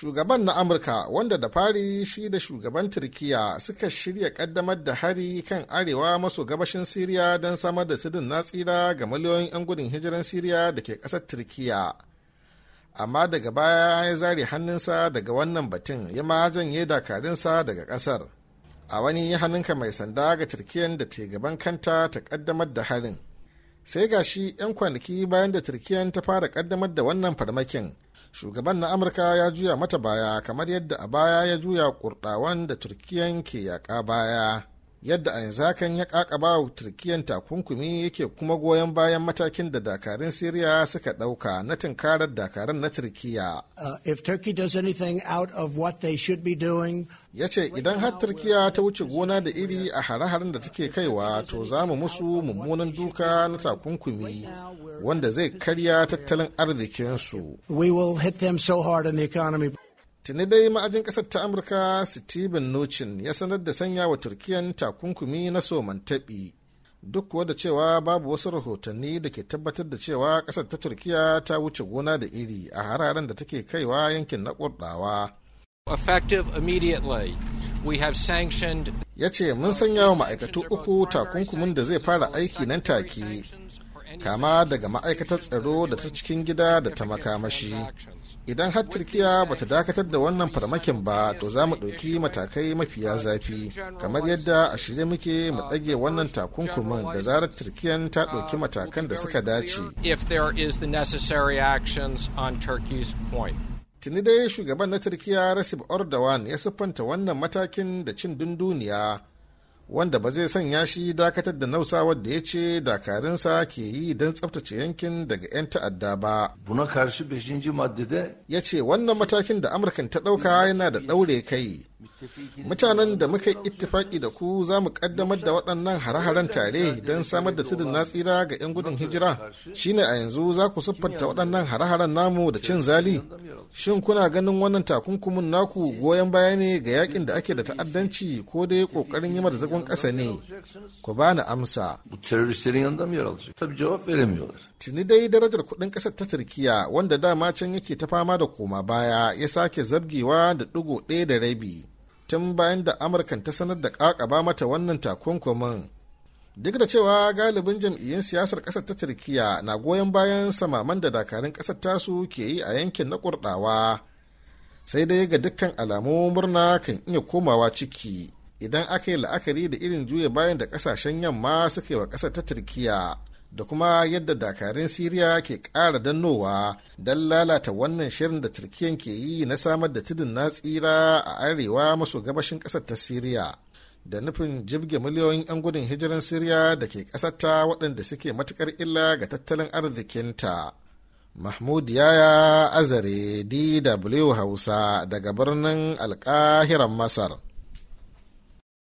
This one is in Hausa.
shugaban na amurka wanda da fari shi da shugaban turkiya suka shirya kaddamar da hari kan arewa maso gabashin siriya don samar da tudun na tsira ga miliyoyin 'yan gudun hijiran siriya da ke kasar turkiya amma daga baya ya zare hannunsa daga wannan batun ya ma janye dakarunsa daga kasar a wani hannunka mai sanda ga turkiyan da ke gaban kanta ta kaddamar da harin sai gashi 'yan kwanaki bayan da turkiyan ta fara kaddamar da wannan farmakin shugaban na amurka ya juya mata baya kamar yadda a baya ya juya kurdawan da turkiyan ke yaƙa baya yadda a yanzu hakan ya kakaba wa turkiyan takunkumi yake kuma goyon bayan matakin da dakarun siriya suka dauka na tunkarar dakarun na turkiya uh, ya ce idan har turkiya ta wuce gona da iri a hare-haren da take kaiwa to za mu musu mummunan duka na takunkumi wanda zai karya tattalin arzikinsu we so hard tuni dai ma'ajin ƙasar ta amurka steven Nuchin ya sanar da sanya wa turkiyan takunkumi na somantaɓi duk kuwa da cewa babu wasu rahotanni da ke tabbatar da cewa ƙasar ta turkiya ta wuce gona da iri a hararen da take kaiwa yankin na kurdawa effective immediately we have sanctioned ya ce mun sanya wa ma'aikatu uku takunkumin da zai fara aiki nan take kama daga ma'aikatar tsaro da ta cikin gida da ta makamashi idan har turkiya ba ta dakatar da wannan farmakin ba to za mu ɗauki matakai mafiya zafi kamar yadda a shirye muke mu ɗage wannan takunkumin da zarar turkiyan ta ɗauki matakan da suka dace tuni dai shugaban na turkiya rasib ordawan ya siffanta wannan matakin da cin dunduniya wanda ba zai sanya shi dakatar da nausa wadda ya ce dakarunsa ke yi don tsabtace yankin daga 'yan ta'adda ba. Buna karşı 5. da ya ce wannan matakin da Amurkan ta ɗauka yana da ɗaure kai mutanen da muka yi ittifaki da ku za mu kaddamar da waɗannan hare-haren tare don samar da tudun na tsira ga 'yan gudun hijira shine a yanzu za ku siffanta waɗannan hare-haren namu da cin zali shin kuna ganin wannan takunkumin naku goyon baya ne ga yakin da ake da ta'addanci ko dai kokarin yi mata ƙasa ne ku ba amsa tuni dai darajar kuɗin ƙasar ta turkiya wanda dama can yake ta fama da koma baya ya sake zabgewa da ɗigo ɗaya da rabi tun bayan da amurkan ta sanar da kakaba mata wannan takunkumin duk da cewa galibin jam'iyyun siyasar ƙasar ta turkiya na goyon bayan samaman da dakarun ƙasar tasu ke yi a yankin na kurdawa sai dai ga dukkan alamu murna kan iya komawa ciki idan aka yi la'akari da irin juya bayan da ƙasashen yamma suka yi wa ƙasar ta turkiya da kuma yadda dakarun siriya ke ƙara dannowa don lalata wannan shirin da turkiyan ke yi na samar da tudun na tsira a arewa maso gabashin ƙasar ta siriya da nufin jibge miliyoyin 'yan gudun hijiran siriya da ke ƙasarta waɗanda suke matuƙar illa ga tattalin arzikinta mahmud yaya azare dw hausa daga birnin alƙahiran masar